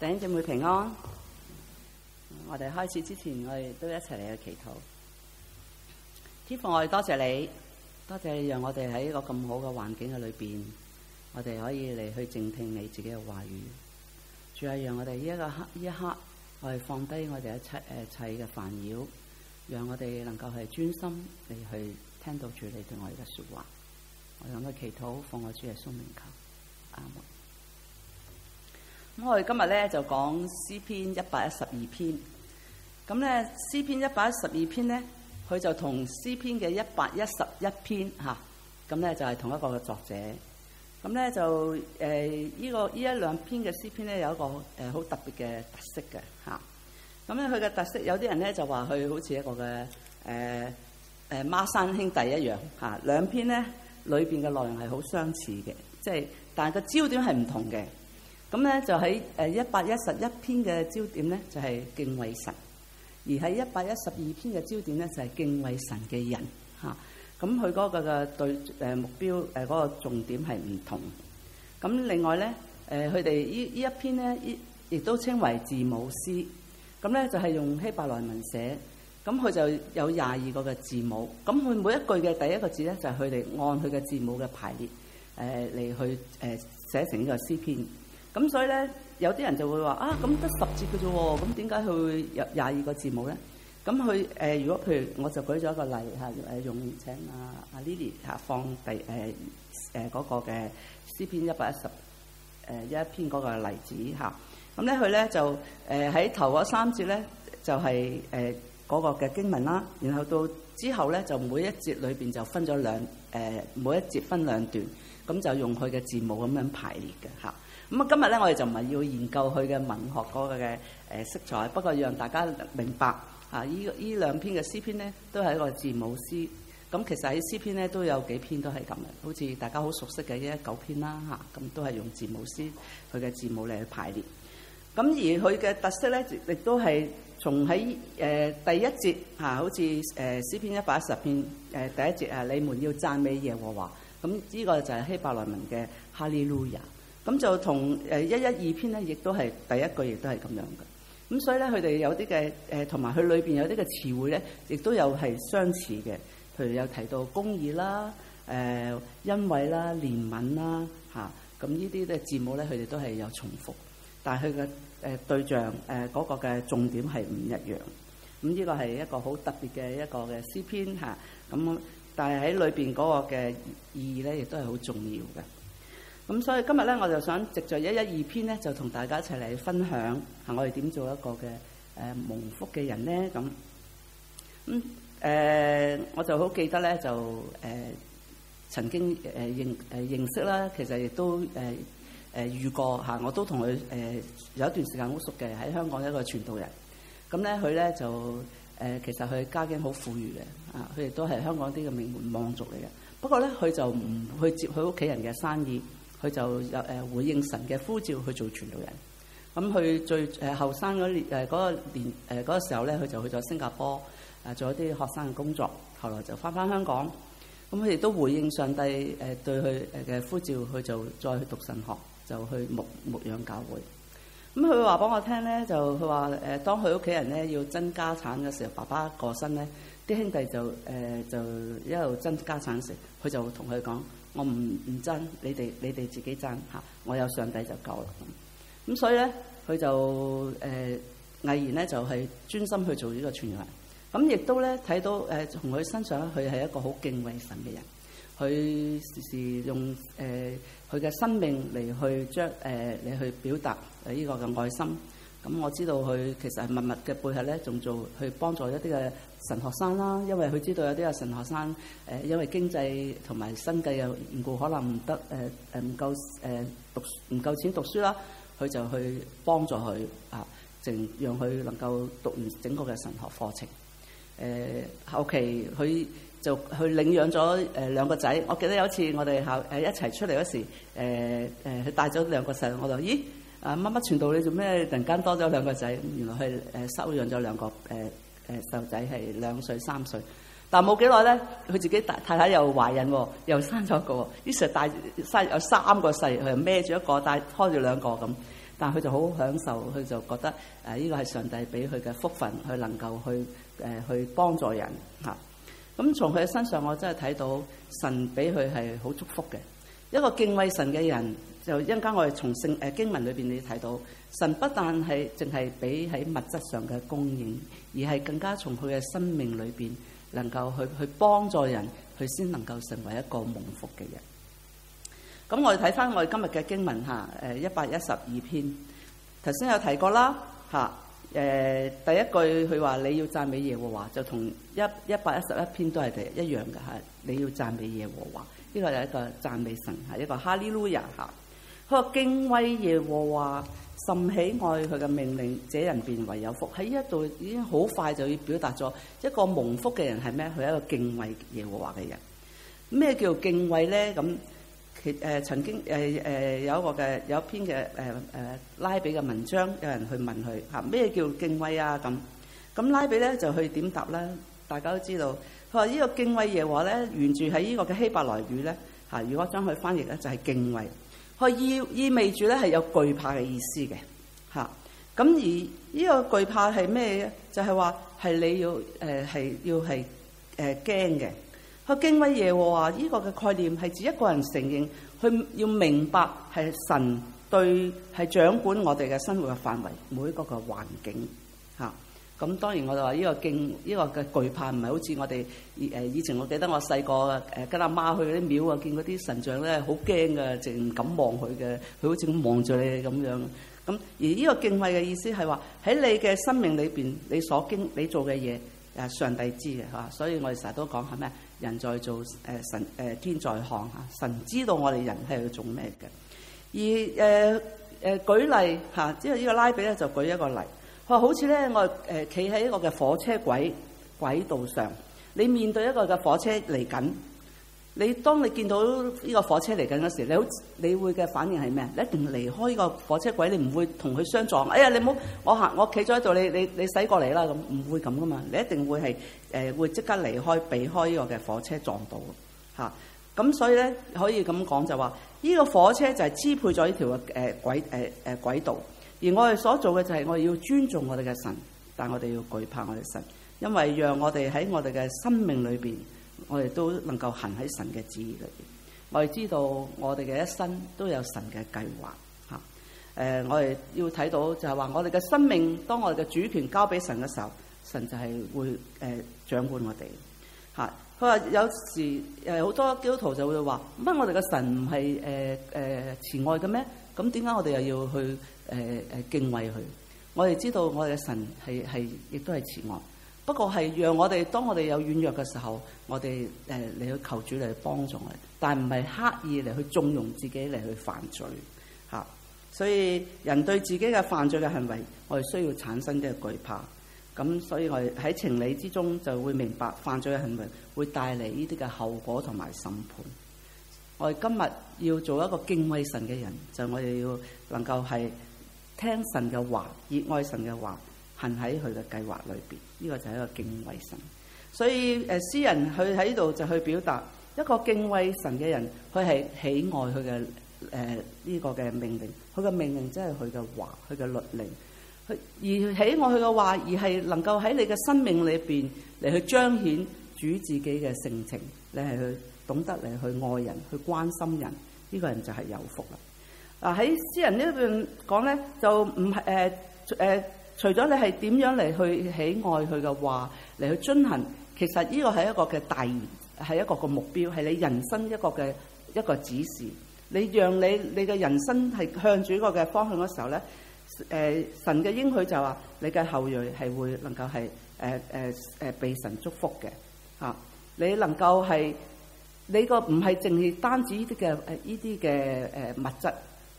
弟姐妹平安，我哋開始之前，我哋都一齊嚟去祈禱。天父，我哋多謝你，多謝你讓我哋喺一個咁好嘅環境嘅裏邊，我哋可以嚟去靜聽你自己嘅話語。仲係讓我哋呢一個刻呢一刻，我哋放低我哋一齊誒，一切嘅煩擾，讓我哋能夠係專心嚟去聽到住你對我哋嘅說話。我哋去祈禱，奉我主耶穌名求。我哋今日咧就講詩篇一百一十二篇，咁咧詩篇一百一十二篇咧，佢就同詩篇嘅一百一十一篇嚇，咁、啊、咧就係、是、同一個嘅作者。咁咧就誒依、呃這個一兩呢一兩篇嘅詩篇咧有一個誒好、呃、特別嘅特色嘅嚇。咁咧佢嘅特色，有啲人咧就話佢好似一個嘅誒誒孖生兄弟一樣嚇。兩、啊、篇咧裏邊嘅內容係好相似嘅，即係但係個焦點係唔同嘅。咁咧就喺誒一百一十一篇嘅焦點咧，就係、是、敬畏神；而喺一百一十二篇嘅焦點咧，就係、是、敬畏神嘅人。吓、啊，咁佢嗰個嘅對誒目標誒、嗰個重點係唔同。咁另外咧，誒佢哋呢依一篇咧，亦都稱為字母詩。咁咧就係用希伯來文寫，咁佢就有廿二個嘅字母。咁佢每一句嘅第一個字咧，就係佢哋按佢嘅字母嘅排列誒嚟、呃、去誒寫成呢個詩篇。咁所以咧，有啲人就會話啊，咁得十節嘅啫喎，咁點解佢有廿二個字母咧？咁佢誒，如果譬如我就舉咗一個例嚇，誒、啊、用請啊阿 Lily 嚇、啊、放第誒誒嗰個嘅詩篇一百一十誒一一篇嗰個例子嚇。咁咧佢咧就誒喺、啊、頭嗰三節咧就係誒嗰個嘅經文啦、啊，然後到之後咧就每一節裏邊就分咗兩誒、啊、每一節分兩段，咁、啊、就用佢嘅字母咁樣排列嘅嚇。啊啊啊咁啊，今日咧，我哋就唔係要研究佢嘅文學嗰個嘅誒色彩，不過讓大家明白啊！呢呢兩篇嘅詩篇咧，都係一個字母詩。咁其實喺詩篇咧都有幾篇都係咁嘅，好似大家好熟悉嘅一一九篇啦嚇，咁都係用字母詩佢嘅字母嚟去排列。咁而佢嘅特色咧，亦都係從喺誒第一節嚇，好似誒詩篇一百一十篇誒第一節啊，你們要讚美耶和華。咁、這、呢個就係希伯來文嘅哈利路亞。咁就同誒一一二篇咧，亦都係第一句，亦都係咁樣嘅。咁所以咧，佢哋有啲嘅誒，同埋佢裏邊有啲嘅詞彙咧，亦都有係相似嘅。譬如有提到公義啦、誒、呃、恩惠啦、憐憫啦，嚇咁呢啲嘅字母咧，佢哋都係有重複，但係佢嘅誒對象誒嗰、呃那個嘅重點係唔一樣。咁、嗯、呢、這個係一個好特別嘅一個嘅詩篇嚇。咁、啊、但係喺裏邊嗰個嘅意義咧，亦都係好重要嘅。咁所以今日咧，我就想藉着一一二篇咧，就同大家一齊嚟分享，吓我哋點做一個嘅誒蒙福嘅人咧。咁咁誒，我就好記得咧，就誒、呃、曾經誒認誒認識啦。其實亦都誒誒、呃呃、遇過嚇、啊，我都同佢誒有一段時間好熟嘅，喺香港一個傳道人。咁、嗯、咧，佢、呃、咧就誒、呃、其實佢家境好富裕嘅，啊，佢亦都係香港啲嘅名門望族嚟嘅。不過咧，佢就唔去接佢屋企人嘅生意。佢就又誒回應神嘅呼召去做傳道人，咁、嗯、佢最誒後生嗰年誒嗰、嗰個年誒嗰、呃嗰個時候咧，佢就去咗新加坡誒、呃、做一啲學生嘅工作，後來就翻返香港，咁佢亦都回應上帝誒、呃、對佢誒嘅呼召佢、呃、就再去讀神學，就去牧牧養教會。咁佢話俾我聽咧，就佢話誒當佢屋企人咧要爭家產嘅時候，爸爸過身咧，啲兄弟就誒、呃、就一路爭家產時，佢就同佢講。我唔唔爭，你哋你哋自己爭吓，我有上帝就夠啦。咁、嗯、所以咧，佢就誒、呃、毅然咧，就係、是、專心去做個員、嗯、呢個傳揚。咁亦都咧睇到誒，從、呃、佢身上咧，佢係一個好敬畏神嘅人。佢時時用誒佢嘅生命嚟去將誒你去表達呢個嘅愛心。咁、嗯、我知道佢其實係默默嘅背後咧，仲做去幫助一啲嘅神學生啦，因為佢知道有啲係神學生，誒、呃，因為經濟同埋生計嘅緣故，可能唔得，誒誒唔夠誒、呃、讀唔夠錢讀書啦，佢就去幫助佢啊，淨讓佢能夠讀完整個嘅神學課程。誒後期佢就去領養咗誒、呃、兩個仔，我記得有一次我哋下誒一齊出嚟嗰時，誒、呃、佢、呃、帶咗兩個細路。我就咦啊乜乜傳道，你做咩突然間多咗兩個仔？原來係誒收養咗兩個誒。呃誒細仔係兩歲三歲，但冇幾耐咧，佢自己大太太又懷孕喎，又生咗個，於是帶生有三個細，佢又孭住一個，帶拖住兩個咁。但係佢就好享受，佢就覺得誒呢、啊這個係上帝俾佢嘅福分，佢能夠去誒、呃、去幫助人嚇。咁從佢嘅身上，我真係睇到神俾佢係好祝福嘅一個敬畏神嘅人。就一陣間我哋從聖誒經文裏邊你睇到，神不但係淨係俾喺物質上嘅供應。而係更加從佢嘅生命裏邊，能夠去去幫助人，佢先能夠成為一個蒙福嘅人。咁我哋睇翻我哋今日嘅經文吓，誒一百一十二篇，頭先有提過啦吓。誒、啊呃、第一句佢話你要讚美耶和華，就同一一百一十一篇都係第一樣嘅吓、啊。你要讚美耶和華，呢、這個係一個讚美神，係一個哈利路亞吓。佢話敬畏耶和華甚喜愛佢嘅命令，這人便為有福。喺呢一度已經好快就要表達咗一個蒙福嘅人係咩？佢係一個敬畏耶和華嘅人。咩叫敬畏咧？咁其誒曾經誒誒、呃呃、有一個嘅有，有一篇嘅誒誒拉比嘅文章，有人去問佢嚇咩叫敬畏啊？咁咁拉比咧就去點答咧？大家都知道佢話呢個敬畏耶和華咧，沿住喺呢個嘅希伯來語咧嚇，如果將佢翻譯咧就係、是、敬畏。佢意意味住咧係有懼怕嘅意思嘅，嚇、啊、咁而呢個懼怕係咩？就係話係你要誒係、呃、要係誒驚嘅。佢敬畏耶和華呢個嘅概念係指一個人承認佢要明白係神對係掌管我哋嘅生活嘅範圍、每一個嘅環境。咁當然我就話呢個敬呢個嘅懼怕唔係好似我哋誒以前我記得我細個誒跟阿媽去啲廟啊，見嗰啲神像咧好驚嘅，淨唔敢望佢嘅，佢好似咁望住你咁樣。咁而呢個敬畏嘅意思係話喺你嘅生命裏邊，你所經你做嘅嘢，誒上帝知嘅嚇。所以我哋成日都講係咩？人在做，誒神誒天在看嚇。神知道我哋人係去做咩嘅。而誒誒、呃、舉例嚇，即係呢個拉比咧就舉一個例。佢好似咧，我誒企喺一個嘅火車軌軌道上，你面對一個嘅火車嚟緊，你當你見到呢個火車嚟緊嗰時候，你好，你會嘅反應係咩？你一定離開呢個火車軌，你唔會同佢相撞。哎呀，你唔好，我行，我企咗喺度，你你你駛過嚟啦，咁唔會咁噶嘛？你一定會係誒、呃、會即刻離開，避開呢個嘅火車撞到嚇。咁、啊、所以咧可以咁講就話，呢、這個火車就係支配咗呢條嘅誒軌誒誒軌道。而我哋所做嘅就係我哋要尊重我哋嘅神，但我哋要懼怕我哋嘅神，因為讓我哋喺我哋嘅生命裏邊，我哋都能夠行喺神嘅旨意裏邊。我哋知道我哋嘅一生都有神嘅計劃吓。誒、啊，我哋要睇到就係話我哋嘅生命，當我哋嘅主權交俾神嘅時候，神就係會誒、呃、掌管我哋吓。佢、啊、話有時誒好、呃、多基督徒就會話：乜我哋嘅神唔係誒誒慈愛嘅咩？咁點解我哋又要去誒誒、呃呃、敬畏佢？我哋知道我哋嘅神係係亦都係慈愛，不過係讓我哋當我哋有軟弱嘅時候，我哋誒嚟去求主嚟幫助我哋，但唔係刻意嚟去縱容自己嚟去犯罪嚇、啊。所以人對自己嘅犯罪嘅行為，我哋需要產生啲嘅懼怕。咁所以我哋喺情理之中就會明白犯罪嘅行為會帶嚟呢啲嘅後果同埋審判。我哋今日要做一個敬畏神嘅人，就是、我哋要能夠係聽神嘅話，熱愛神嘅話，行喺佢嘅計劃裏邊。呢、這個就係一個敬畏神。所以誒，詩人佢喺度就去表達一個敬畏神嘅人，佢係喜愛佢嘅誒呢個嘅命令，佢嘅命令即係佢嘅話，佢嘅律令。佢而喜愛佢嘅話，而係能夠喺你嘅生命裏邊嚟去彰顯主自己嘅性情，你係去。懂得嚟去愛人、去關心人，呢、這個人就係有福啦。嗱、啊、喺私人邊講呢一邊講咧，就唔係誒誒除咗、呃、你係點樣嚟去喜愛佢嘅話嚟去遵行，其實呢個係一個嘅大，係一個個目標，係你人生一個嘅一個指示。你讓你你嘅人生係向住個嘅方向嘅時候咧，誒、呃、神嘅應許就話你嘅後裔係會能夠係誒誒誒被神祝福嘅。吓、啊，你能夠係。你個唔係淨係單止呢啲嘅誒，呢啲嘅誒物質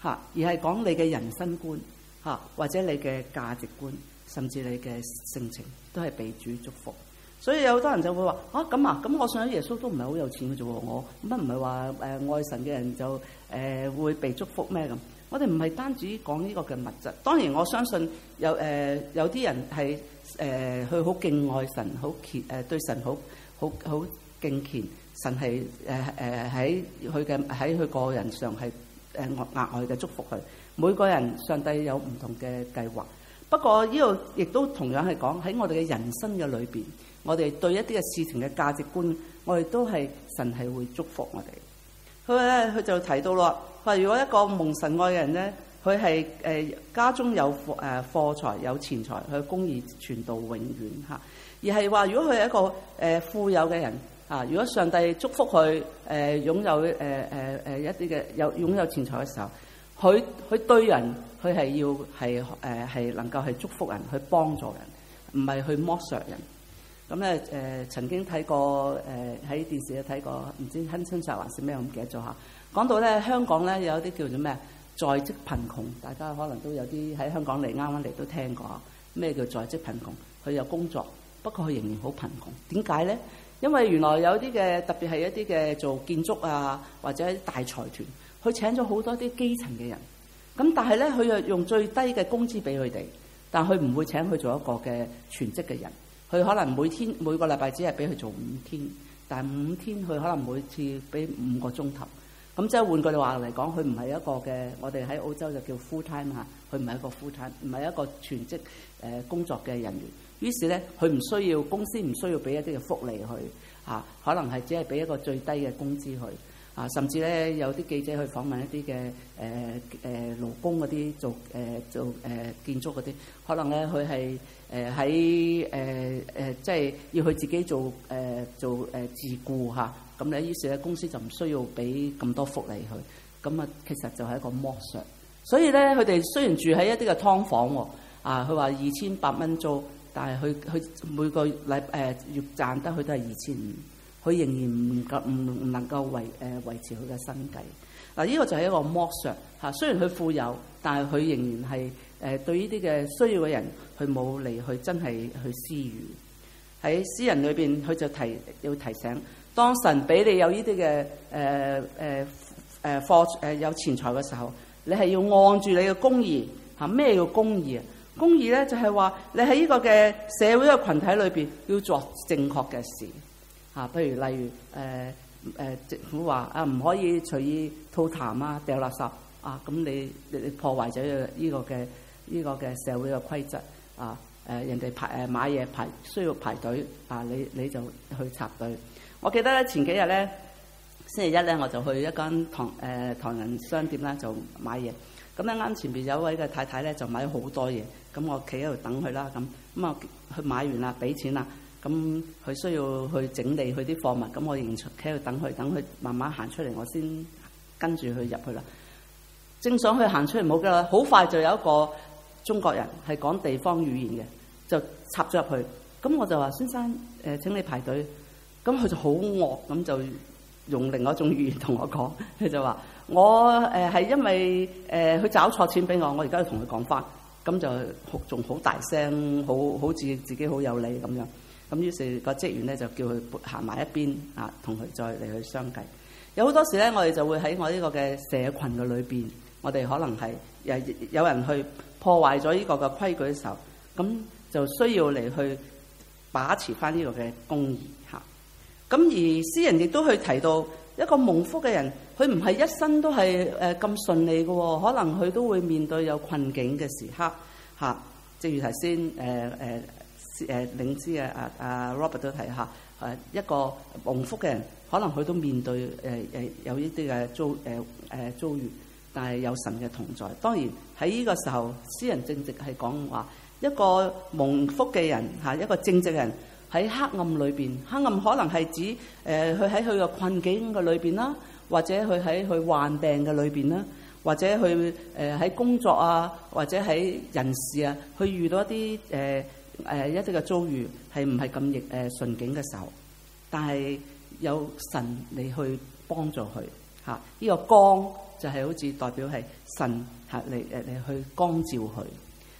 嚇、啊，而係講你嘅人生觀嚇、啊，或者你嘅價值觀，甚至你嘅性情都係被主祝福。所以有好多人就會話啊，咁啊，咁，我信咗耶穌都唔係好有錢嘅啫，我乜唔係話誒愛神嘅人就誒、呃、會被祝福咩咁？我哋唔係單止講呢個嘅物質，當然我相信有誒、呃、有啲人係誒佢好敬愛神，好虔誒對神好好好敬虔。神係誒誒喺佢嘅喺佢個人上係誒額外嘅祝福佢。每個人上帝有唔同嘅計劃。不過呢度亦都同樣係講喺我哋嘅人生嘅裏邊，我哋對一啲嘅事情嘅價值觀，我哋都係神係會祝福我哋。佢咧佢就提到咯，佢話如果一個蒙神愛嘅人咧，佢係誒家中有貨誒貨財有錢財，佢嘅公義傳到永遠嚇。而係話如果佢係一個誒、呃、富有嘅人。啊！如果上帝祝福佢，誒、呃呃呃呃、擁有誒誒誒一啲嘅有擁有錢財嘅時候，佢佢對人佢係要係誒係能夠係祝福人，去幫助人，唔係去剝削人。咁咧誒曾經睇過誒喺、呃、電視睇過，唔知《親親殺》還是咩，我唔記得咗嚇。講到咧香港咧有啲叫做咩在職貧窮，大家可能都有啲喺香港嚟，啱啱嚟都聽過咩叫在職貧窮？佢有工作，不過佢仍然好貧窮。點解咧？因為原來有啲嘅特別係一啲嘅做建築啊，或者一啲大財團，佢請咗好多啲基層嘅人。咁但係咧，佢又用最低嘅工資俾佢哋，但佢唔會請佢做一個嘅全職嘅人。佢可能每天每個禮拜只係俾佢做五天，但係五天佢可能每次俾五個鐘頭。咁即係換句話嚟講，佢唔係一個嘅，我哋喺澳洲就叫 full time 嚇，佢唔係一個 full time，唔係一個全職誒工作嘅人員。於是咧，佢唔需要公司，唔需要俾一啲嘅福利佢嚇、啊，可能係只係俾一個最低嘅工資佢啊。甚至咧，有啲記者去訪問一啲嘅誒誒誒勞工嗰啲做誒、呃、做誒、呃、建築嗰啲，可能咧佢係誒喺誒誒，即係要佢自己做誒、呃、做誒、呃、自雇嚇。啊。咁咧，於是咧，公司就唔需要俾咁多福利佢。咁啊，其實就係一個剝削。所以咧，佢哋雖然住喺一啲嘅劏房喎，啊，佢話二千八蚊租，但係佢佢每個禮誒、呃、月賺得佢都係二千，五，佢仍然唔夠唔唔能夠維誒、呃、維持佢嘅生計。嗱、啊，呢、這個就係一個剝削嚇、啊。雖然佢富有，但係佢仍然係誒、呃、對呢啲嘅需要嘅人，佢冇嚟去真係去施予喺私人裏邊，佢就提要提醒。當神俾你有呢啲嘅誒誒誒貨誒有錢財嘅時候，你係要按住你嘅公義嚇。咩叫公義啊？公義咧就係、是、話你喺呢個嘅社會嘅群體裏邊要做正確嘅事嚇，譬、啊、如例如誒誒、呃呃、政府話啊，唔可以隨意吐痰啊、掉垃圾啊，咁你你破壞咗呢個嘅呢、這個嘅社會嘅規則啊誒、呃、人哋排誒、呃、買嘢排需要排隊啊，你你，你就去插隊。我記得咧，前幾日咧，星期一咧，我就去一間唐誒、呃、唐人商店咧，就買嘢。咁啱啱前邊有位嘅太太咧，就買咗好多嘢。咁我企喺度等佢啦，咁咁啊，佢買完啦，俾錢啦。咁佢需要去整理佢啲貨物，咁我仍然企喺度等佢，等佢慢慢行出嚟，我先跟住佢入去啦。正想去行出嚟冇㗋啦，好快就有一個中國人係講地方語言嘅，就插咗入去。咁我就話：先生誒、呃，請你排隊。咁佢就好惡咁就用另外一種語言同我講，佢就話我誒係、呃、因為誒佢、呃、找錯錢俾我，我而家要同佢講翻，咁就仲好大聲，好好似自己好有理咁樣。咁於是個職員咧就叫佢行埋一邊啊，同佢再嚟去商計。有好多時咧，我哋就會喺我呢個嘅社群嘅裏邊，我哋可能係誒有人去破壞咗呢個嘅規矩嘅時候，咁就需要嚟去把持翻呢個嘅公義嚇，啊。咁而詩人亦都去提到一個蒙福嘅人，佢唔係一生都係誒咁順利嘅喎、哦，可能佢都會面對有困境嘅時刻吓、啊，正如頭先誒誒誒領詩嘅阿阿 Robert 都提下誒、啊、一個蒙福嘅人，可能佢都面對誒誒、呃、有呢啲嘅遭誒誒遭遇，但係有神嘅同在。當然喺呢個時候，詩人正直係講話一個蒙福嘅人吓、啊、一個正直嘅人。喺黑暗裏邊，黑暗可能係指誒佢喺佢個困境嘅裏邊啦，或者佢喺佢患病嘅裏邊啦，或者佢誒喺工作啊，或者喺人事啊，佢遇到一啲誒誒一啲嘅遭遇係唔係咁逆誒順境嘅時候，但係有神嚟去幫助佢嚇。呢、啊這個光就係好似代表係神嚇嚟誒嚟去光照佢。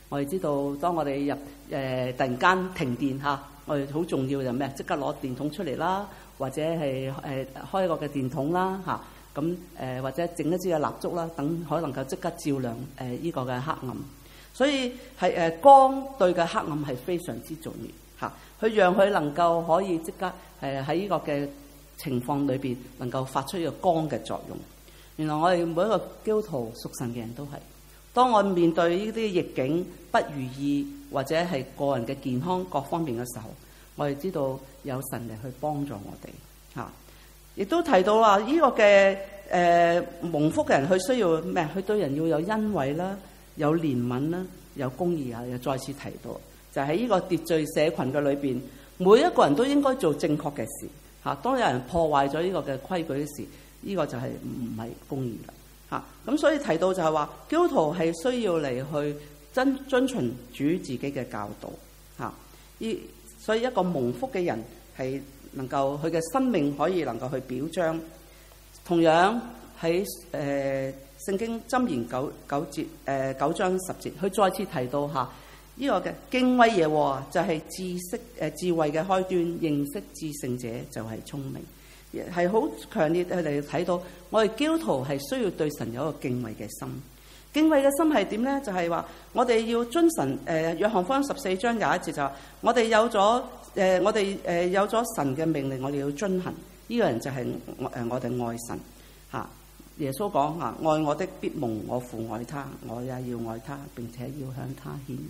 我哋知道，當我哋入誒、呃、突然間停電嚇。啊我哋好重要就係咩？即刻攞電筒出嚟啦，或者係誒開個嘅電筒啦嚇。咁、啊、誒、啊、或者整一支嘅蠟燭啦，等佢能夠即刻照亮誒呢個嘅黑暗。所以係誒光對嘅黑暗係非常之重要嚇，去、啊、讓佢能夠可以即刻誒喺呢個嘅情況裏邊能夠發出呢個光嘅作用。原來我哋每一個基督徒屬神嘅人都係，當我面對呢啲逆境不如意。或者係個人嘅健康各方面嘅時候，我哋知道有神嚟去幫助我哋嚇。亦、啊、都提到話呢、這個嘅誒、呃、蒙福嘅人，佢需要咩？佢對人要有恩惠啦，有憐憫啦，有公義啊。又再次提到，就喺、是、呢個秩序社群嘅裏邊，每一個人都應該做正確嘅事嚇、啊。當有人破壞咗呢個嘅規矩嘅時，呢、這個就係唔係公義啦嚇。咁、啊、所以提到就係話，基督徒係需要嚟去。遵遵循主自己嘅教導，吓、啊、依所以一個蒙福嘅人係能夠佢嘅生命可以能夠去表彰。同樣喺誒、呃、聖經箴言九九節誒、呃、九章十節，佢再次提到吓呢、啊這個嘅敬畏嘢、哦、就係知識誒智慧嘅、呃、開端，認識至聖者就係聰明，係好強烈佢哋睇到我哋基督徒係需要對神有一個敬畏嘅心。敬畏嘅心係點咧？就係、是、話我哋要遵神。誒、呃，約翰福音十四章有一節就話，我哋有咗誒、呃，我哋誒有咗神嘅命令，我哋要遵行。呢、這個人就係我誒，我哋愛神。吓、啊，耶穌講吓、啊，愛我的必蒙我父愛他，我也要愛他，並且要向他獻。呢、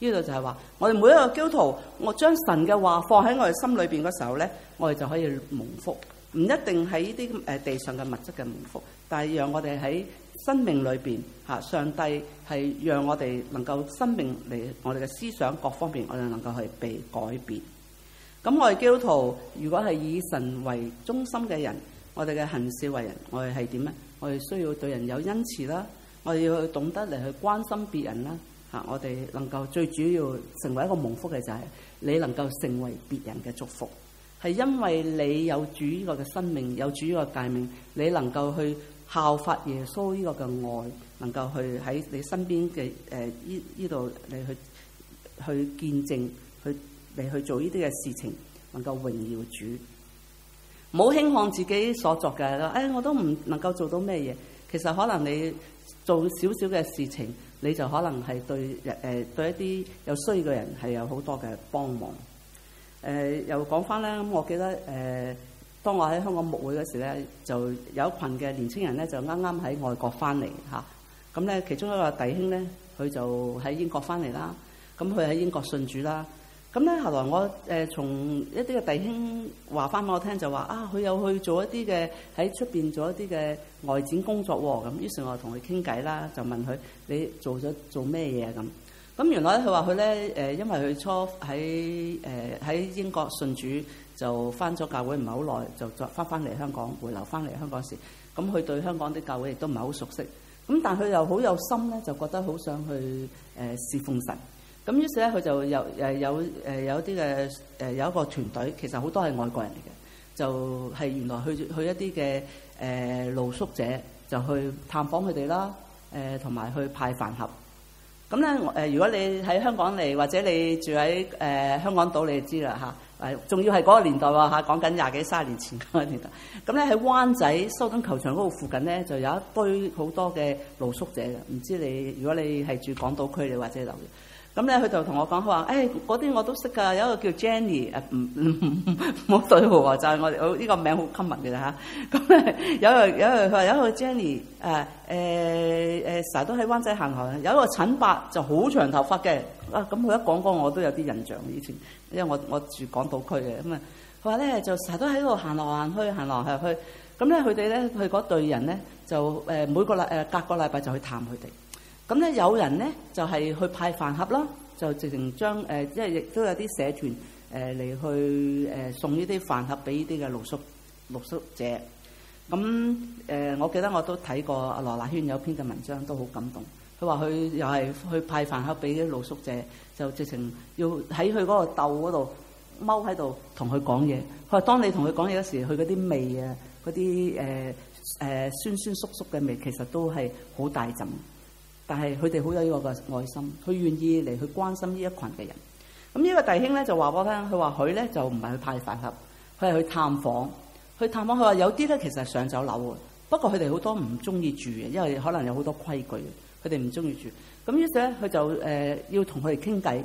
嗯、度就係話，我哋每一個基督徒，我將神嘅話放喺我哋心裏邊嘅時候咧，我哋就可以蒙福。唔一定喺呢啲誒地上嘅物質嘅蒙福，但係讓我哋喺生命裏邊，吓，上帝係讓我哋能夠生命嚟，我哋嘅思想各方面，我哋能夠去被改變。咁我哋基督徒如果係以神為中心嘅人，我哋嘅行事為人，我哋係點咧？我哋需要對人有恩慈啦，我哋要去懂得嚟去關心別人啦。吓，我哋能夠最主要成為一個蒙福嘅就係、是、你能夠成為別人嘅祝福，係因為你有主呢個嘅生命，有主呢個誡命，你能夠去。效法耶穌呢個嘅愛，能夠去喺你身邊嘅誒依依度你去去見證，去嚟去做呢啲嘅事情，能夠榮耀主。唔好輕看自己所作嘅，誒、哎、我都唔能夠做到咩嘢？其實可能你做少少嘅事情，你就可能係對誒、呃、對一啲有需要嘅人係有好多嘅幫忙。誒、呃、又講翻啦，咁我記得誒。呃當我喺香港牧會嗰時咧，就有一群嘅年輕人咧，就啱啱喺外國翻嚟嚇。咁、啊、咧，其中一個弟兄咧，佢就喺英國翻嚟啦。咁佢喺英國信主啦。咁咧，後來我誒從一啲嘅弟兄話翻我聽，就話啊，佢有去做一啲嘅喺出邊做一啲嘅外展工作喎。咁於是我同佢傾偈啦，就問佢你做咗做咩嘢咁。咁原來佢話佢咧誒，因為佢初喺誒喺英國信主。啊就翻咗教會唔係好耐，就再翻翻嚟香港回流翻嚟香港時，咁佢對香港啲教會亦都唔係好熟悉。咁但係佢又好有心咧，就覺得好想去誒侍奉神。咁於是咧，佢就有誒有誒有啲嘅誒有一個團隊，其實好多係外國人嚟嘅，就係原來去去一啲嘅誒露宿者，就去探訪佢哋啦，誒同埋去派飯盒。咁咧，誒如果你喺香港嚟，或者你住喺誒香港島，你就知啦嚇。誒，仲要係嗰個年代喎嚇，講緊廿幾三十年前嗰個年代。咁咧喺灣仔修頓球場嗰度附近咧，就有一堆好多嘅露宿者嘅。唔知你如果你係住港島區，你或者留咁咧，佢就同我講，佢、哎、話：誒，嗰啲我都識㗎，有一個叫 Jenny，誒、啊，唔唔唔，唔好、嗯嗯嗯、對號喎，就係我，呢個名好 common 㗎啦嚇。咁、啊、咧， 有一、有一，佢話有一個 Jenny，誒、啊，誒、欸、誒，成日都喺灣仔行行，有一個陳伯就好長頭髮嘅，啊，咁、嗯、佢一講講，我都有啲印象以前，因為我我住港島區嘅，咁啊，佢話咧就成日都喺度行來行去，行來行去，咁咧佢哋咧，佢嗰隊人咧，就誒每個禮誒隔個禮拜就去探佢哋。咁咧，有人咧就係、是、去派飯盒啦，就直情將誒，即係亦都有啲社團誒嚟去誒、呃、送呢啲飯盒俾呢啲嘅露宿露宿者。咁、嗯、誒、呃，我記得我都睇過阿羅娜軒有篇嘅文章，都好感動。佢話佢又係去派飯盒俾啲露宿者，就直情要喺佢嗰個竇嗰度踎喺度同佢講嘢。佢話：當你同佢講嘢嗰時，佢嗰啲味啊，嗰啲誒誒酸酸叔叔嘅味，其實都係好大陣。但係佢哋好有呢個嘅愛心，佢願意嚟去關心呢一群嘅人。咁、嗯、呢、這個弟兄咧就話俾我聽，佢話佢咧就唔係去派飯盒，佢係去探訪，去探訪。佢話有啲咧其實係上酒樓嘅，不過佢哋好多唔中意住嘅，因為可能有好多規矩，佢哋唔中意住。咁於是咧佢就誒、呃、要同佢哋傾偈。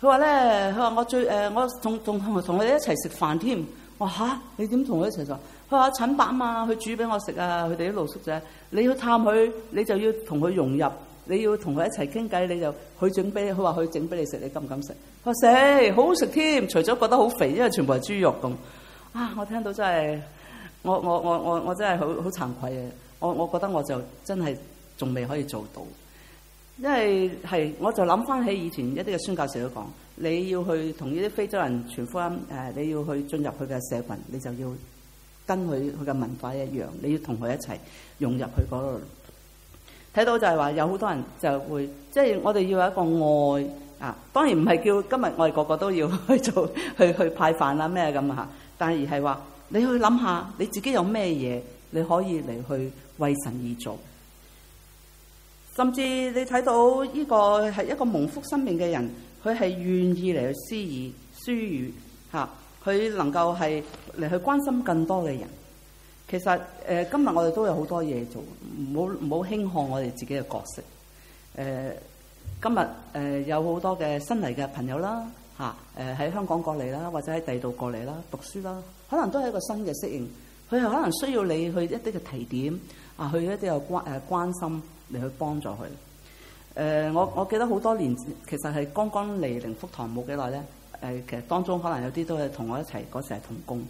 佢話咧，佢話我最誒、呃、我同同同佢哋一齊食飯添。我嚇、啊、你點同佢一齊食？佢話陳伯啊嘛，佢煮俾我食啊，佢哋啲露宿者，你要探佢，你就要同佢融入。你要同佢一齊傾偈。你就去整俾佢，話佢整俾你食，你敢唔敢食？話食，好好食添。除咗覺得好肥，因為全部係豬肉咁。啊，我聽到真係，我我我我我真係好好慚愧啊！我我覺得我就真係仲未可以做到，因為係我就諗翻起以前一啲嘅宣教士都講，你要去同呢啲非洲人傳福音，誒你要去進入佢嘅社群，你就要跟佢佢嘅文化一樣，你要同佢一齊融入佢嗰度。睇到就係話有好多人就會，即係我哋要一個愛啊。當然唔係叫今日我哋個個都要去做去去派飯啦咩咁啊吓，但係而係話，你去諗下你自己有咩嘢你可以嚟去為神而做，甚至你睇到呢個係一個蒙福生命嘅人，佢係願意嚟去施以施予吓，佢能夠係嚟去關心更多嘅人。其實誒、呃，今日我哋都有好多嘢做，唔好唔好輕看我哋自己嘅角色。誒、呃，今日誒、呃、有好多嘅新嚟嘅朋友啦，嚇誒喺香港過嚟啦，或者喺第二度過嚟啦，讀書啦，可能都係一個新嘅適應。佢係可能需要你去一啲嘅提點啊，去一啲有關誒、啊、關心，嚟去幫助佢。誒、呃，我我記得好多年，其實係剛剛嚟靈福堂冇幾耐咧。誒、呃，其實當中可能有啲都係同我一齊嗰時係同工。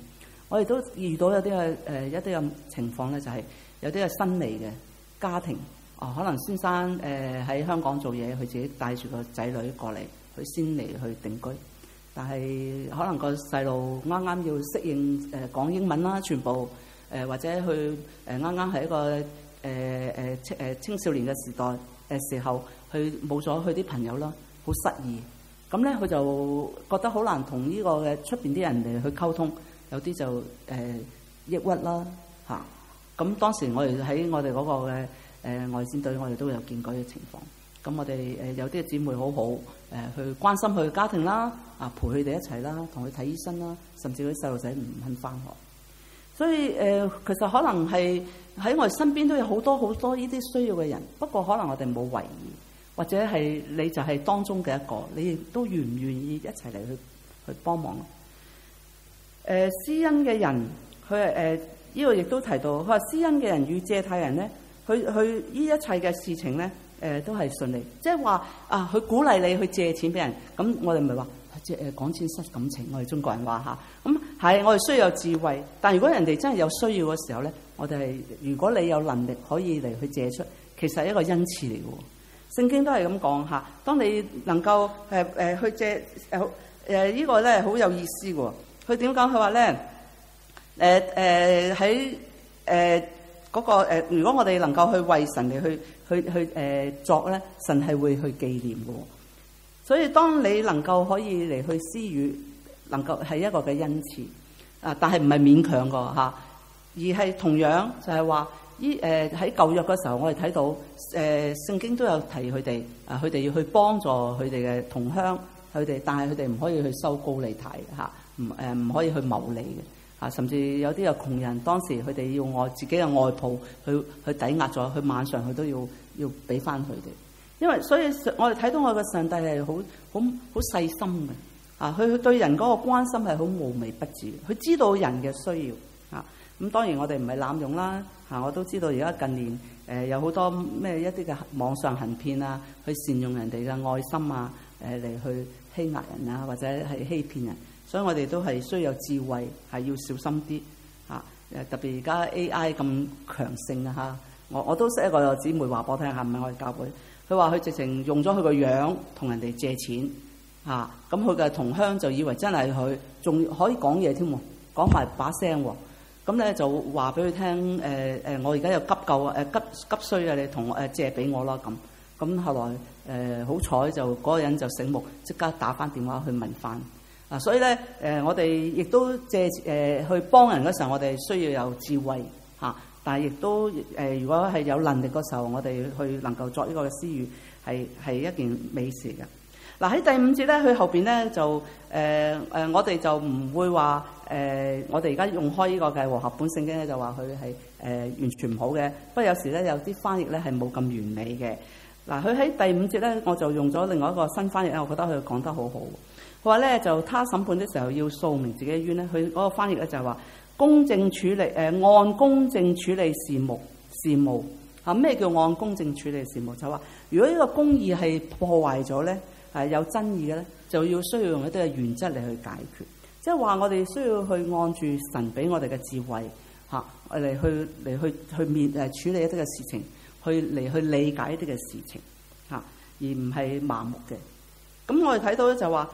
我哋都遇到有啲嘅誒，有啲咁情況咧，就係、是、有啲嘅新嚟嘅家庭啊、哦，可能先生誒喺、呃、香港做嘢，佢自己帶住個仔女過嚟，佢先嚟去定居，但係可能個細路啱啱要適應誒講、呃、英文啦，全部誒、呃、或者去誒啱啱喺一個誒誒誒青少年嘅時代誒、呃、時候，佢冇咗佢啲朋友啦，好失意咁咧，佢就覺得好難同呢個嘅出邊啲人嚟去溝通。有啲就誒、呃、抑鬱啦嚇，咁、啊、當時我哋喺我哋嗰個嘅誒、呃、外線隊，我哋都有見過呢個情況。咁我哋誒、呃、有啲姊妹好好，誒、呃、去關心佢嘅家庭啦，啊、呃、陪佢哋一齊啦，同佢睇醫生啦，甚至佢細路仔唔肯返學。所以誒、呃，其實可能係喺我哋身邊都有好多好多呢啲需要嘅人，不過可能我哋冇懷疑，或者係你就係當中嘅一個，你亦都願唔願意一齊嚟去去幫忙？誒施、呃、恩嘅人，佢誒呢個亦都提到，佢話施恩嘅人與借貸人咧，佢佢呢一切嘅事情咧，誒、呃、都係順利，即係話啊，佢鼓勵你去借錢俾人咁，我哋唔係話借誒講錢失感情，我哋中國人話嚇咁係我哋需要有智慧，但係如果人哋真係有需要嘅時候咧，我哋係如果你有能力可以嚟去借出，其實係一個恩賜嚟嘅。聖經都係咁講嚇。當你能夠誒誒去借誒誒、呃呃這個、呢、這個咧，好有意思嘅。佢點講？佢話咧，誒誒喺誒嗰個、呃、如果我哋能夠去為神嚟去去去誒、呃、作咧，神係會去記念嘅。所以當你能夠可以嚟去施予，能夠係一個嘅恩賜啊，但係唔係勉強嘅嚇，而係同樣就係話依誒喺舊約嘅時候，我哋睇到誒聖、呃、經都有提佢哋啊，佢哋要去幫助佢哋嘅同鄉，佢哋但係佢哋唔可以去收高利貸嚇。啊啊唔誒唔可以去謀利嘅嚇、啊，甚至有啲啊窮人當時佢哋要外自己嘅外袍去去抵押咗，佢晚上佢都要要俾翻佢哋。因為所以我哋睇到我嘅上帝係好好好細心嘅嚇，佢、啊、對人嗰個關心係好無微不至，佢知道人嘅需要嚇。咁、啊嗯、當然我哋唔係濫用啦嚇、啊，我都知道而家近年誒、呃、有好多咩一啲嘅網上行騙啊，去善用人哋嘅愛心啊誒嚟、啊、去欺壓人啊，或者係欺騙人、啊。所以我哋都係需要有智慧，係要小心啲嚇。特別而家 A.I. 咁強盛啊！嚇，我我都識一個姊妹話俾我聽，下唔係我哋教會。佢話佢直情用咗佢個樣同人哋借錢嚇，咁佢嘅同鄉就以為真係佢，仲可以講嘢添喎，講埋把聲喎，咁、啊、咧就話俾佢聽誒誒，我而家有急救誒、呃、急急需、呃、啊！你同誒借俾我啦咁。咁後來誒好彩就嗰個人就醒目，即刻打翻電話去問翻。嗱，所以咧，誒，我哋亦都借誒、呃、去幫人嘅時候，我哋需要有智慧嚇、啊，但係亦都誒、呃，如果係有能力嘅時候，我哋去能夠作呢個嘅私語，係係一件美事嘅。嗱、啊，喺第五節咧，佢後邊咧就誒誒、呃呃，我哋就唔會話誒、呃，我哋而家用開呢個嘅和合本聖經咧，就話佢係誒完全唔好嘅。不過有時咧，有啲翻譯咧係冇咁完美嘅。嗱，佢喺第五節咧，我就用咗另外一個新翻譯咧，我覺得佢講得好好。佢話咧就，他審判的時候要訴明自己嘅冤咧，佢嗰個翻譯咧就係話公正處理，誒按公正處理事務事務嚇。咩叫按公正處理事務？就話、係、如果呢個公義係破壞咗咧，係有爭議嘅咧，就要需要用一啲嘅原則嚟去解決。即係話我哋需要去按住神俾我哋嘅智慧嚇嚟去嚟去去面誒處理一啲嘅事情。去嚟去理解一啲嘅事情，嚇，而唔係麻木嘅。咁我哋睇到咧就話，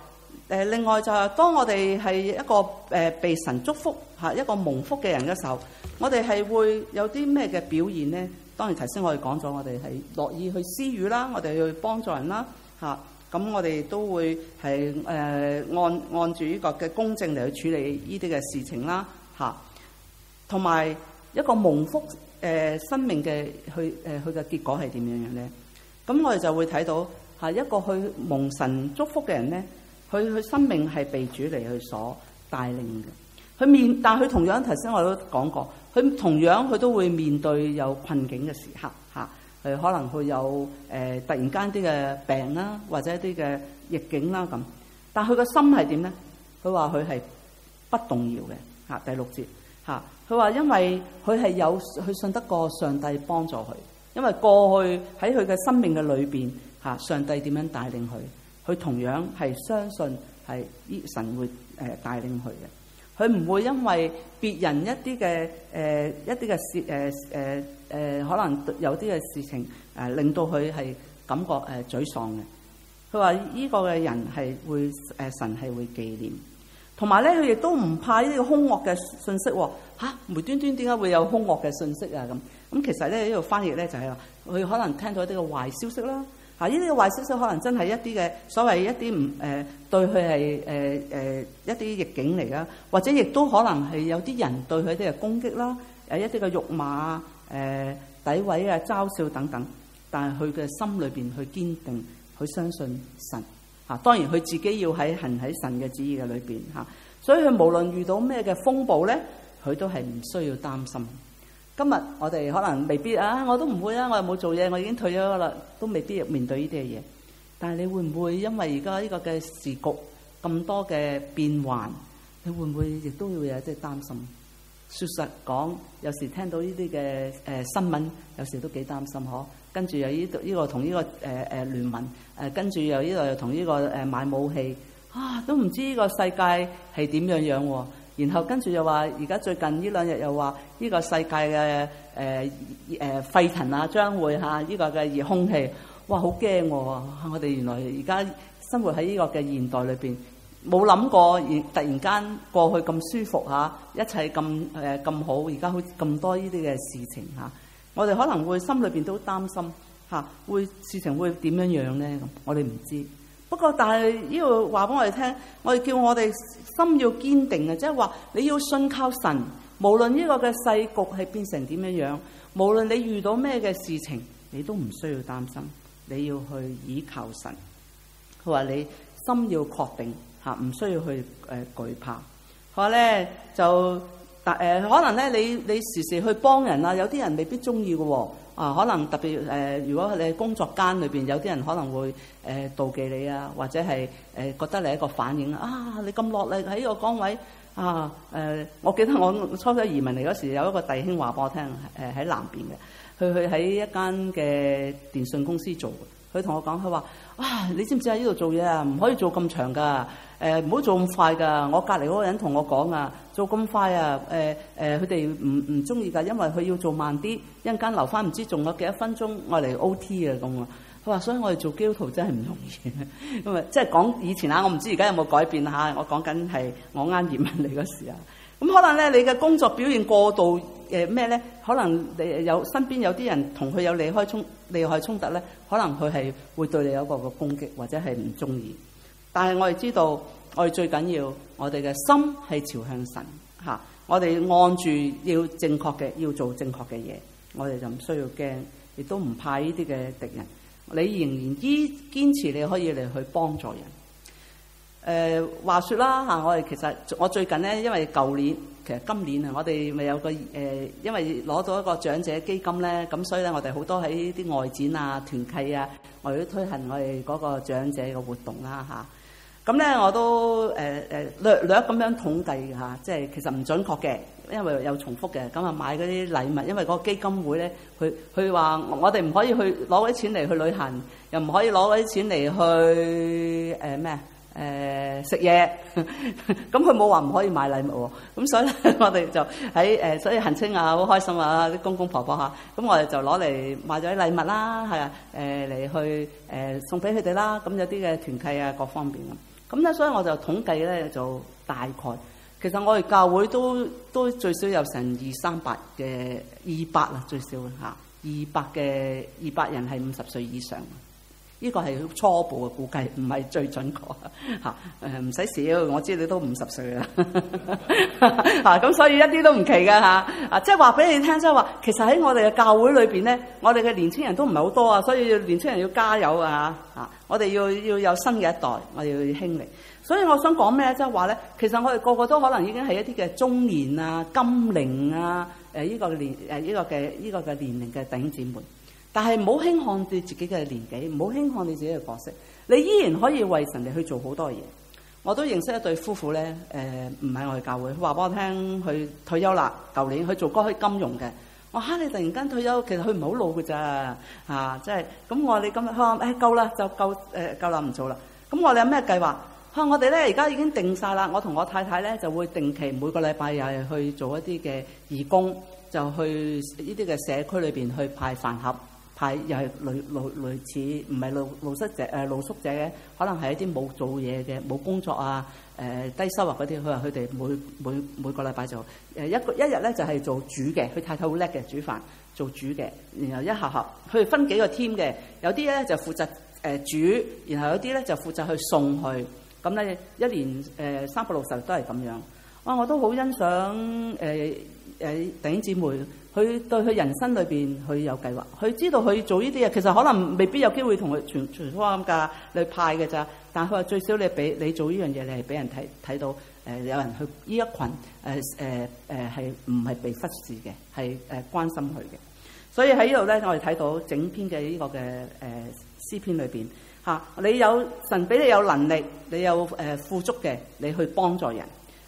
誒另外就係、是、當我哋係一個誒被神祝福嚇一個蒙福嘅人嘅時候，我哋係會有啲咩嘅表現咧？當然頭先我哋講咗，我哋係樂意去施予啦，我哋去幫助人啦，嚇。咁我哋都會係誒按按住呢個嘅公正嚟去處理呢啲嘅事情啦，嚇。同埋一個蒙福。誒、呃，生命嘅去誒，佢、呃、嘅結果係點樣樣咧？咁我哋就會睇到，係一個去蒙神祝福嘅人咧，佢佢生命係被主嚟去所帶領嘅。佢面，但係佢同樣頭先我都講過，佢同樣佢都會面對有困境嘅時刻，吓、啊，誒，可能佢有誒、呃、突然間啲嘅病啦，或者啲嘅逆境啦咁、啊。但係佢個心係點咧？佢話佢係不動搖嘅，吓、啊，第六節，吓、啊。佢話：因為佢係有去信得過上帝幫助佢，因為過去喺佢嘅生命嘅裏邊嚇，上帝點樣帶領佢？佢同樣係相信係神會誒帶領佢嘅。佢唔會因為別人一啲嘅誒一啲嘅事誒誒誒，可能有啲嘅事情誒、呃、令到佢係感覺誒沮喪嘅。佢話呢個嘅人係會誒神係會記念。同埋咧，佢亦都唔怕呢啲兇惡嘅信息喎、哦、嚇，無端端點解會有兇惡嘅信息啊咁？咁其實咧呢度、這個、翻譯咧就係、是、話，佢可能聽到一啲嘅壞消息啦嚇，呢啲嘅壞消息可能真係一啲嘅所謂一啲唔誒對佢係誒誒一啲逆境嚟啦，或者亦都可能係有啲人對佢啲嘅攻擊啦，誒、啊、一啲嘅辱罵誒、呃、詆毀啊嘲笑等等，但係佢嘅心裏邊去堅定去相信神。啊，當然佢自己要喺行喺神嘅旨意嘅裏邊嚇，所以佢無論遇到咩嘅風暴咧，佢都係唔需要擔心。今日我哋可能未必啊，我都唔會啊，我又冇做嘢，我已經退咗啦，都未必要面對呢啲嘢。但係你會唔會因為而家呢個嘅時局咁多嘅變幻，你會唔會亦都要有啲擔心？說實講，有時聽到呢啲嘅誒新聞，有時都幾擔心呵。跟住又呢度依個同呢、這個誒誒聯盟，誒、呃呃、跟住又呢度又同呢、這個誒、呃、買武器，啊都唔知呢個世界係點樣樣、啊、喎。然後跟住又話，而家最近呢兩日又話，呢個世界嘅誒誒沸騰啊，將會嚇、啊、呢、這個嘅熱空氣，哇好驚喎、啊！我哋原來而家生活喺呢個嘅現代裏邊，冇諗過，突然間過去咁舒服嚇、啊，一切咁誒咁好，而家好咁多呢啲嘅事情嚇、啊。我哋可能會心裏邊都擔心，嚇，會事情會點樣樣咧？咁我哋唔知。不過但係呢個話俾我哋聽，我哋叫我哋心要堅定嘅，即係話你要信靠神，無論呢個嘅世局係變成點樣樣，無論你遇到咩嘅事情，你都唔需要擔心，你要去倚靠神。佢話你心要確定嚇，唔需要去誒懼怕。佢話、呃、咧就。但誒、呃、可能咧，你你時時去幫人啊，有啲人未必中意嘅喎。啊，可能特別誒、呃，如果你喺工作間裏邊，有啲人可能會誒、呃、妒忌你啊，或者係誒、呃、覺得你一個反應啊。啊，你咁落力喺個崗位啊。誒、啊，我記得我初初移民嚟嗰時，有一個弟兄話俾我聽，誒、呃、喺南邊嘅，佢佢喺一間嘅電信公司做。佢同我講，佢話：啊，你知唔知喺呢度做嘢啊？唔可以做咁長㗎。誒唔好做咁快㗎！我隔離嗰個人同我講啊，做咁快啊，誒、呃、誒，佢哋唔唔中意㗎，因為佢要做慢啲，一間留翻唔知仲有幾多分鐘我嚟 O T 啊咁啊！佢話，所以我哋做基 O T 真係唔容易，咁啊，即係講以前有有啊，我唔知而家有冇改變嚇。我講緊係我啱移民嚟嗰時啊，咁可能咧你嘅工作表現過度誒咩咧？可能你有身邊有啲人同佢有利害衝利害衝突咧，可能佢係會對你有一個攻擊或者係唔中意。但係我哋知道，我哋最緊要，我哋嘅心係朝向神，吓、啊，我哋按住要正確嘅，要做正確嘅嘢，我哋就唔需要驚，亦都唔怕呢啲嘅敵人。你仍然依堅持，你可以嚟去幫助人。誒、呃，話說啦吓、啊，我哋其實我最近咧，因為舊年其實今年啊，我哋咪有個誒，因為攞咗一個長者基金咧，咁所以咧，我哋好多喺啲外展啊、團契啊，我哋都推行我哋嗰個長者嘅活動啦、啊，吓、啊。咁咧，我都誒誒、呃、略略咁樣統計吓，即係其實唔準確嘅，因為有重複嘅。咁啊買嗰啲禮物，因為嗰個基金會咧，佢佢話我哋唔可以去攞啲錢嚟去旅行，又唔可以攞啲錢嚟去誒咩啊誒食嘢。咁佢冇話唔可以買禮物喎。咁所以咧，我哋就喺誒、呃，所以行青啊，好開心啊啲公公婆婆吓。咁我哋就攞嚟買咗啲禮物啦，係啊誒嚟、呃、去誒、呃、送俾佢哋啦。咁有啲嘅團契啊，各方面、啊。咁咧、嗯，所以我就統計咧，就大概其實我哋教會都都最少有成二三百嘅二百啦，最少吓，二百嘅二百人係五十歲以上。呢個係初步嘅估計，唔係最準確嚇。誒唔使笑，我知道你都五十歲啦嚇，咁 所以一啲都唔奇㗎嚇。啊， 即係話俾你聽，即係話其實喺我哋嘅教會裏邊咧，我哋嘅年青人都唔係好多啊，所以要年青人要加油啊！啊， 我哋要要有新嘅一代，我哋要興起。所以我想講咩即係話咧，其實我哋個個都可能已經係一啲嘅中年啊、金齡啊、誒、這、呢個年誒呢、這個嘅呢、這個嘅年齡嘅弟兄姊妹但係唔好輕看你自己嘅年紀，唔好輕看你自己嘅角色，你依然可以為神哋去做好多嘢。我都認識一對夫婦咧，誒唔喺外教會，佢話俾我聽，佢退休啦，舊年佢做嗰啲金融嘅。我嚇、啊、你突然間退休，其實佢唔係好老嘅咋嚇，即係咁我話你咁，佢話誒夠啦，就夠誒、呃、夠啦，唔做啦。咁我哋有咩計劃？佢、啊、我哋咧而家已經定晒啦，我同我太太咧就會定期每個禮拜又係去做一啲嘅義工，就去呢啲嘅社區裏邊去派飯盒。派又係類類類似，唔係露露宿者誒露宿者嘅，可能係一啲冇做嘢嘅冇工作啊誒、呃、低收入嗰啲。佢話佢哋每每每個禮拜做，誒、呃、一個一日咧就係、是、做煮嘅，佢太太好叻嘅煮飯做煮嘅，然後一盒盒。佢分幾個 team 嘅，有啲咧就負責誒、呃、煮，然後有啲咧就負責去送去，咁咧一年誒三百六十日都係咁樣。哇、啊！我都好欣賞誒誒弟兄姊妹。佢對佢人生裏邊佢有計劃，佢知道佢做呢啲嘢，其實可能未必有機會同佢全全方架你派嘅咋，但係佢話最少你俾你做呢樣嘢，你係俾人睇睇到誒、呃，有人去呢一群誒誒誒係唔係被忽視嘅，係誒、呃、關心佢嘅。所以喺呢度咧，我哋睇到整篇嘅呢、這個嘅誒詩篇裏邊嚇，你有神俾你有能力，你有誒富、呃、足嘅，你去幫助人。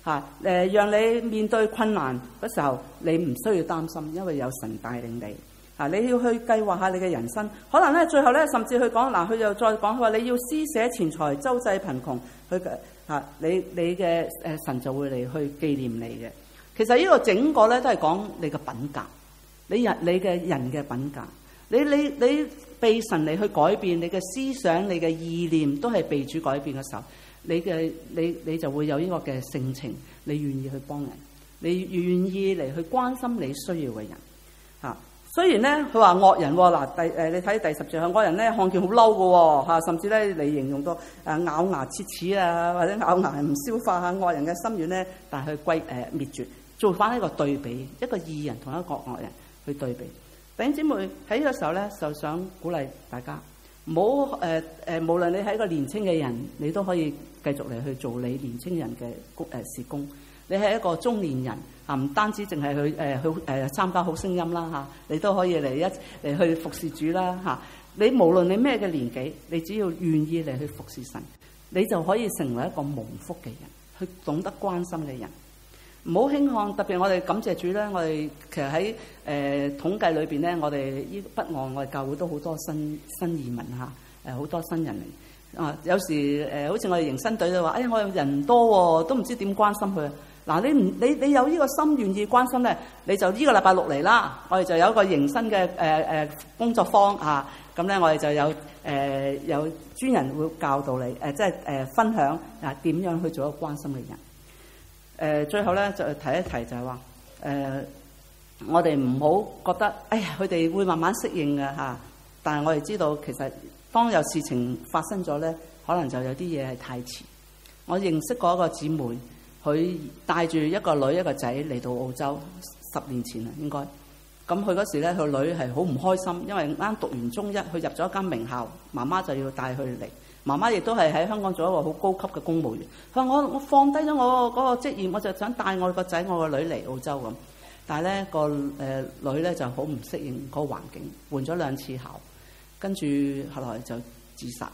啊！誒，讓你面對困難嗰時候，你唔需要擔心，因為有神帶領你。啊，你要去計劃下你嘅人生，可能咧最後咧，甚至去講嗱，佢、啊、又再講佢話你要施捨錢財，賙濟貧窮，佢嚇、啊、你你嘅誒、啊、神就會嚟去紀念你嘅。其實呢個整個咧都係講你嘅品格，你人你嘅人嘅品格，你的的你你，你，你被神嚟去改變你嘅思想、你嘅意念，都係被主改變嘅時候。你嘅你你就會有呢個嘅性情，你願意去幫人，你願意嚟去關心你需要嘅人。嚇、啊，雖然咧佢話惡人嗱、哦、第誒、呃、你睇第十節，惡人咧看見好嬲嘅喎，甚至咧你形容到誒、呃、咬牙切齒啊，或者咬牙唔消化嚇惡、啊、人嘅心願咧，但係佢歸誒滅絕，做翻一個對比，一個義人同一個惡人去對比。弟兄姊妹喺呢個時候咧，就想鼓勵大家，唔好誒誒，無論你係一個年青嘅人，你都可以。繼續嚟去做你年輕人嘅工誒事工，你係一個中年人吓，唔單止淨係去誒去誒參加好聲音啦吓，你都可以嚟一嚟去服侍主啦吓、啊。你無論你咩嘅年紀，你只要願意嚟去服侍神，你就可以成為一個蒙福嘅人，去懂得關心嘅人。唔好輕看，特別我哋感謝主咧，我哋其實喺誒、呃、統計裏邊咧，我哋呢北岸我哋教會都好多新新移民吓，誒、啊、好多新人嚟。啊，有時誒、呃，好似我哋迎新隊就話：哎，我哋人多喎、哦，都唔知點關心佢。嗱，你唔你你有呢個心願意關心咧，你就呢個禮拜六嚟啦。我哋就有一個迎新嘅誒誒工作坊嚇，咁、啊、咧我哋就有誒、呃、有專人會教導你，誒、呃、即係誒、呃、分享嗱點樣去做一個關心嘅人。誒、呃，最後咧就提一提就係、是、話，誒、呃、我哋唔好覺得，哎呀，佢哋會慢慢適應嘅嚇、啊，但係我哋知道其實。當有事情發生咗呢，可能就有啲嘢係太遲。我認識過一個姊妹，佢帶住一個女一個仔嚟到澳洲，十年前啦應該。咁佢嗰時呢，佢女係好唔開心，因為啱讀完中一，佢入咗一間名校，媽媽就要帶佢嚟。媽媽亦都係喺香港做一個好高級嘅公務員。佢話：我放我放低咗我嗰個職業，我就想帶我個仔我個女嚟澳洲咁。但係呢個誒女呢，那個、女就好唔適應嗰個環境，換咗兩次校，跟住後來就自殺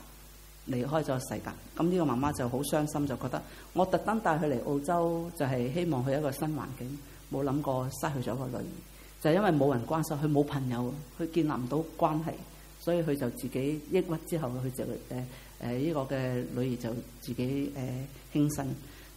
離開咗世界，咁呢個媽媽就好傷心，就覺得我特登帶佢嚟澳洲，就係希望佢一個新環境，冇諗過失去咗個女兒，就因為冇人關心，佢冇朋友，佢建立唔到關係，所以佢就自己抑鬱之後，佢就誒誒呢個嘅女兒就自己誒輕生。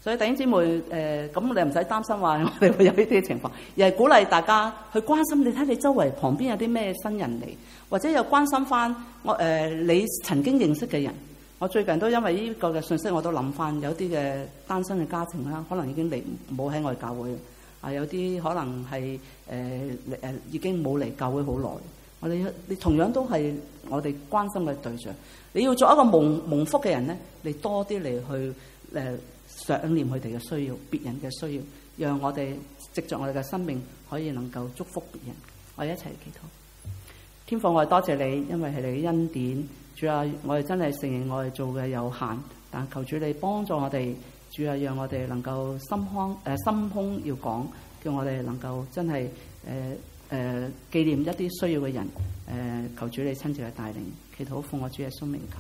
所以弟兄姊妹，誒、呃、咁你唔使擔心，話我哋會有呢啲情況，而係鼓勵大家去關心。你睇你周圍旁邊有啲咩新人嚟，或者又關心翻我誒你曾經認識嘅人。我最近都因為呢個嘅信息，我都諗翻有啲嘅單身嘅家庭啦，可能已經嚟冇喺外教會啊，有啲可能係誒誒已經冇嚟教會好耐。我哋你同樣都係我哋關心嘅對象。你要做一個蒙蒙福嘅人咧，你多啲嚟去誒。呃想念佢哋嘅需要，別人嘅需要，讓我哋藉着我哋嘅生命可以能夠祝福別人，我哋一齊祈禱。天父，我哋多謝你，因為係你嘅恩典。主啊，我哋真係承認我哋做嘅有限，但求主你幫助我哋。主啊，讓我哋能夠心寬，誒、呃、心胸要廣，叫我哋能夠真係誒誒紀念一啲需要嘅人。誒、呃、求主你親自去帶領，祈禱，奉我主耶穌聖名求。